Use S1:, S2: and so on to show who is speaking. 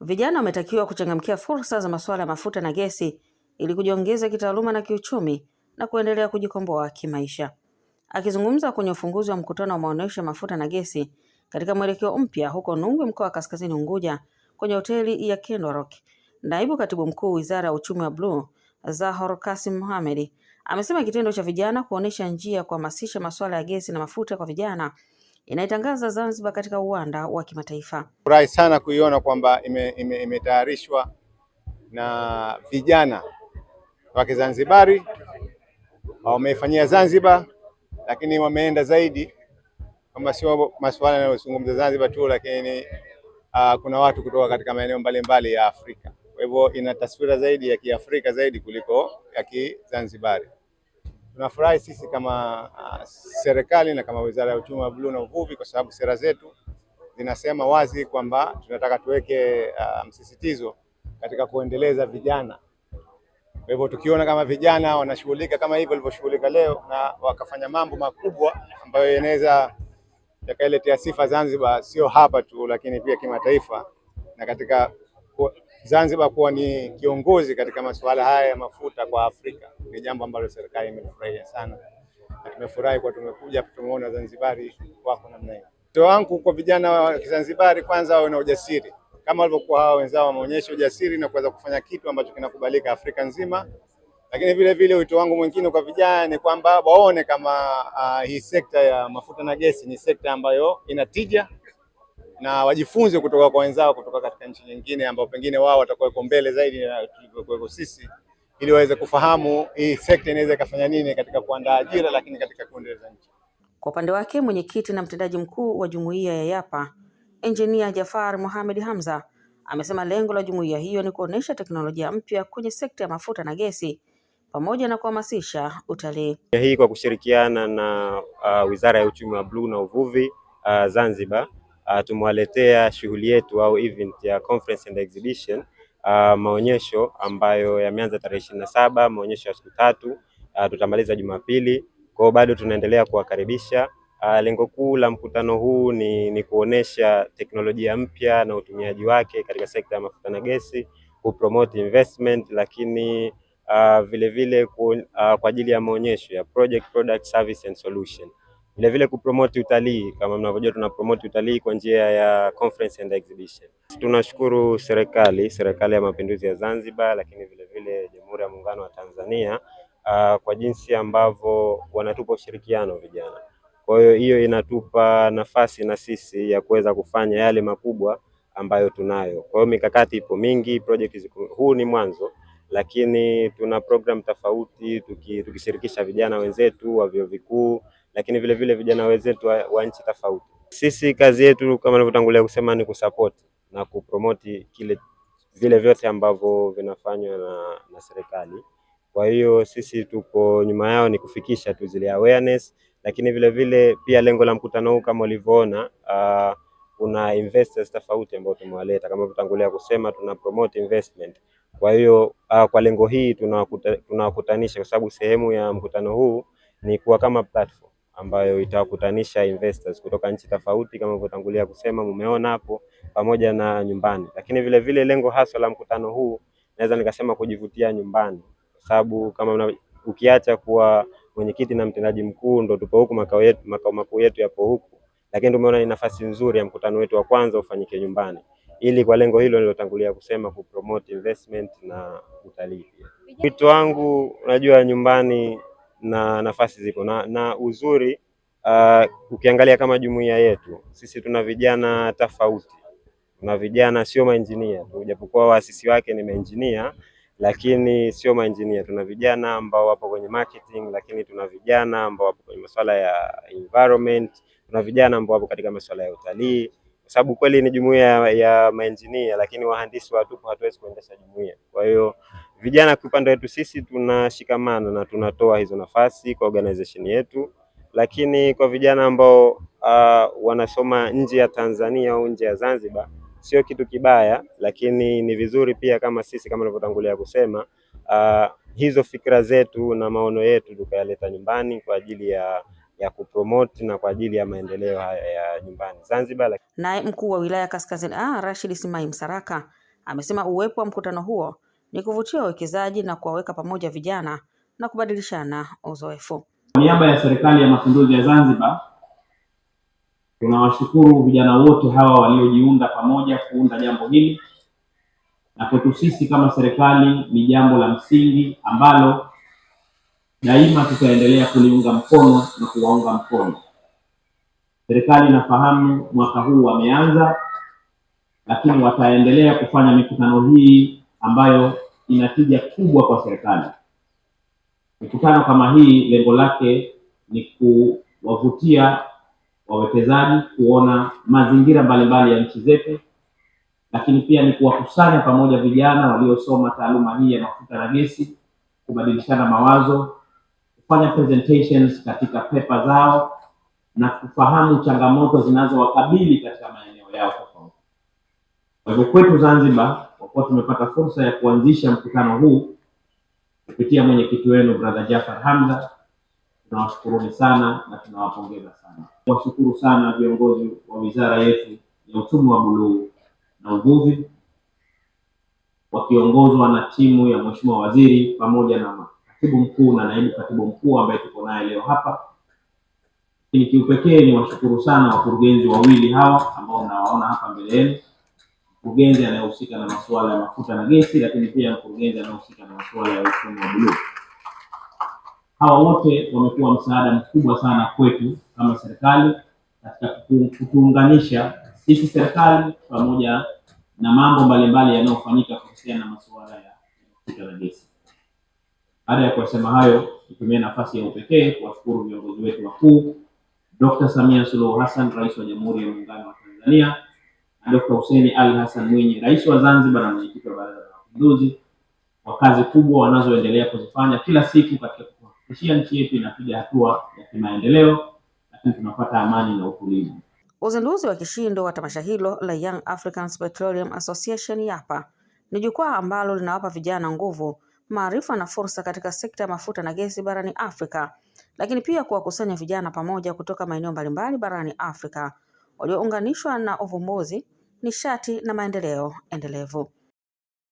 S1: Vijana wametakiwa kuchangamkia fursa za masuala ya mafuta na gesi ili kujiongeza kitaaluma na kiuchumi na kuendelea kujikomboa kimaisha. Akizungumza kwenye ufunguzi wa mkutano wa maonyesho ya mafuta na gesi katika mwelekeo mpya huko Nungwi, mkoa wa Kaskazini Unguja, kwenye hoteli ya Kendo naibu katibu mkuu wizara ya uchumi wa bluu Zahor Kasim Mohamed amesema kitendo cha vijana kuonesha njia ya kuhamasisha masuala ya gesi na mafuta kwa vijana inaitangaza Zanzibar katika uwanda wa kimataifa.
S2: Furahi sana kuiona kwamba imetayarishwa ime, ime na vijana wa Kizanzibari, wamefanyia Zanzibar, lakini wameenda zaidi kwamba sio masuala yanayozungumza Zanzibar tu, lakini uh, kuna watu kutoka katika maeneo mbalimbali ya Afrika. Kwa hivyo ina taswira zaidi ya Kiafrika zaidi kuliko ya Kizanzibari. Tunafurahi sisi kama uh, serikali na kama Wizara ya Uchumi wa bluu na Uvuvi kwa sababu sera zetu zinasema wazi kwamba tunataka tuweke uh, msisitizo katika kuendeleza vijana. Kwa hivyo tukiona kama vijana wanashughulika kama hivyo walivyoshughulika leo na wakafanya mambo makubwa ambayo yanaweza yakailetea sifa Zanzibar, sio hapa tu, lakini pia kimataifa na katika Zanzibar kuwa ni kiongozi katika masuala haya ya mafuta kwa Afrika ni jambo ambalo serikali imefurahia sana, na tumefurahi kwa tumekuja tumeona zanzibari wako namna hiyo. Wito wangu kwa vijana wa Kizanzibari, kwanza wawe na ujasiri kama walivyokuwa hawa wenzao, wameonyesha ujasiri na kuweza kufanya kitu ambacho kinakubalika Afrika nzima. Lakini vile vile wito wangu mwingine kwa vijana ni kwamba waone kama uh, hii sekta ya mafuta na gesi ni sekta ambayo ina tija na wajifunze kutoka kwa wenzao kutoka katika nchi nyingine ambao pengine wao watakuwa mbele zaidi na tulivyokuwa sisi, ili waweze kufahamu hii sekta inaweza ikafanya nini katika kuandaa ajira, lakini katika kuendeleza nchi.
S1: Kwa upande wake, mwenyekiti na mtendaji mkuu wa jumuiya ya YAPA Engineer Jafar Mohamed Hamza amesema lengo la jumuiya hiyo ni kuonesha teknolojia mpya kwenye sekta ya mafuta na gesi pamoja na kuhamasisha utalii.
S3: Hii kwa kushirikiana na uh, Wizara ya Uchumi wa Bluu na Uvuvi uh, Zanzibar uh, tumewaletea shughuli yetu au event ya conference and exhibition uh, maonyesho ambayo yameanza tarehe ishirini na saba, maonyesho ya siku tatu uh, tutamaliza Jumapili. Kwa hiyo bado tunaendelea kuwakaribisha. Uh, lengo kuu la mkutano huu ni, ni kuonesha teknolojia mpya na utumiaji wake katika sekta ya mafuta na gesi, kupromote investment, lakini uh, vile vile ku, uh, kwa ajili ya maonyesho ya project, product, service and solution vilevile kupromote utalii. Kama mnavyojua, tuna promote utalii kwa njia ya conference and exhibition. Tunashukuru serikali, serikali ya mapinduzi ya Zanzibar, lakini vilevile Jamhuri ya Muungano wa Tanzania uh, kwa jinsi ambavyo wanatupa ushirikiano vijana. Kwa hiyo hiyo inatupa nafasi na sisi ya kuweza kufanya yale makubwa ambayo tunayo. Kwa hiyo mikakati ipo mingi, project ziku, Huu ni mwanzo, lakini tuna program tofauti tukishirikisha vijana wenzetu wa vyuo vikuu lakini vile vile vijana wenzetu wa, wa nchi tofauti. Sisi kazi yetu kama nilivyotangulia kusema ni kusupport na kupromote kile vile vyote ambavyo vinafanywa na, na serikali. Kwa hiyo sisi tuko nyuma yao, ni kufikisha tu zile awareness, lakini vile vile pia lengo la mkutano huu kama ulivyoona uh, kuna investors tofauti ambao tumewaleta kama tutangulia kusema, tuna promote investment. Kwa hiyo uh, kwa lengo hii tunawakutanisha, kwa sababu sehemu ya mkutano huu ni kuwa kama platform ambayo itawakutanisha investors kutoka nchi tofauti kama nilivyotangulia kusema, mumeona hapo, pamoja na nyumbani. Lakini vile vile lengo hasa la mkutano huu naweza nikasema kujivutia nyumbani, kwa sababu kama una, ukiacha kuwa mwenyekiti na mtendaji mkuu ndo tupo huku, makao yetu makao makuu yetu yapo huku, lakini tumeona ni nafasi nzuri ya mkutano wetu wa kwanza ufanyike nyumbani ili kwa lengo hilo nilotangulia kusema kupromote investment na utalii. Wito wangu, unajua nyumbani na nafasi ziko na, na uzuri uh, ukiangalia kama jumuiya yetu sisi tuna vijana tofauti, tuna vijana sio maenjinia tu, japokuwa waasisi wake ni mainjinia lakini sio maenjinia. Tuna vijana ambao wapo kwenye marketing, lakini tuna vijana ambao wapo kwenye masuala ya environment, tuna vijana ambao wapo katika masuala ya utalii, kwa sababu kweli ni jumuiya ya, ya lakini wahandisi watupo, hatuwezi kuendesha jumuiya. Kwa hiyo Vijana kwa upande wetu sisi tunashikamana na tunatoa hizo nafasi kwa organization yetu, lakini kwa vijana ambao uh, wanasoma nje ya Tanzania au nje ya Zanzibar sio kitu kibaya, lakini ni vizuri pia kama sisi kama tulivyotangulia kusema uh, hizo fikra zetu na maono yetu tukayaleta nyumbani kwa ajili ya ya kupromote na kwa ajili ya maendeleo haya ya nyumbani Zanzibar.
S1: Naye mkuu wa wilaya Kaskazini ah, Rashid Simai Msaraka amesema uwepo wa mkutano huo ni kuvutia wawekezaji na kuwaweka pamoja vijana na kubadilishana uzoefu.
S4: Kwa niaba ya Serikali ya Mapinduzi ya Zanzibar, tunawashukuru vijana wote hawa waliojiunga pamoja kuunda jambo hili, na kwetu sisi kama serikali ni jambo la msingi ambalo daima tutaendelea kuliunga mkono na kuwaunga mkono. Serikali inafahamu mwaka huu wameanza, lakini wataendelea kufanya mikutano hii ambayo ina tija kubwa kwa serikali. Mikutano kama hii lengo lake ni kuwavutia wawekezaji kuona mazingira mbalimbali ya nchi zetu, lakini pia ni kuwakusanya pamoja vijana waliosoma taaluma hii ya mafuta na gesi, kubadilishana mawazo, kufanya presentations katika pepa zao na kufahamu changamoto zinazowakabili katika maeneo yao tofauti. Kwa hivyo kwetu Zanzibar kwa kuwa tumepata fursa ya kuanzisha mkutano huu kupitia mwenyekiti wenu brother Jafar Hamza, tunawashukuruni sana na tunawapongeza sana. Washukuru sana viongozi wa wizara yetu ya uchumi wa buluu na uvuvi wakiongozwa na timu ya mheshimiwa waziri pamoja na katibu mkuu na naibu katibu mkuu ambaye tuko naye leo hapa. Lakini kiupekee ni washukuru sana wakurugenzi wawili hawa ambao mnawaona hapa mbele yenu mkurugenzi anayehusika na masuala ya mafuta na gesi, lakini pia mkurugenzi anayehusika na masuala ya uchumi wa bluu. Hawa wote wamekuwa msaada mkubwa sana kwetu kama serikali katika kutuunganisha sisi serikali pamoja na mambo mbalimbali yanayofanyika kuhusiana na masuala ya mafuta na gesi. Baada ya kuwasema hayo, nitumie nafasi ya upekee kuwashukuru viongozi wetu wakuu, Dr. Samia Suluhu Hassan, Rais wa Jamhuri ya Muungano wa Tanzania Dr. Hussein Ali Hassan Mwinyi, rais wa Zanzibar na mwenyekiti wa Baraza la Mapinduzi, kwa kazi kubwa wanazoendelea kuzifanya kila siku katika kuhakikishia nchi yetu inapiga hatua ya kimaendeleo, lakini tunapata amani na utulivu.
S1: Uzinduzi wa kishindo wa tamasha hilo la Young Africans Petroleum Association YAPA ni jukwaa ambalo linawapa vijana nguvu, maarifa na fursa katika sekta ya mafuta na gesi barani Afrika, lakini pia kuwakusanya vijana pamoja kutoka maeneo mbalimbali barani Afrika waliounganishwa na uvumbuzi nishati na maendeleo endelevu.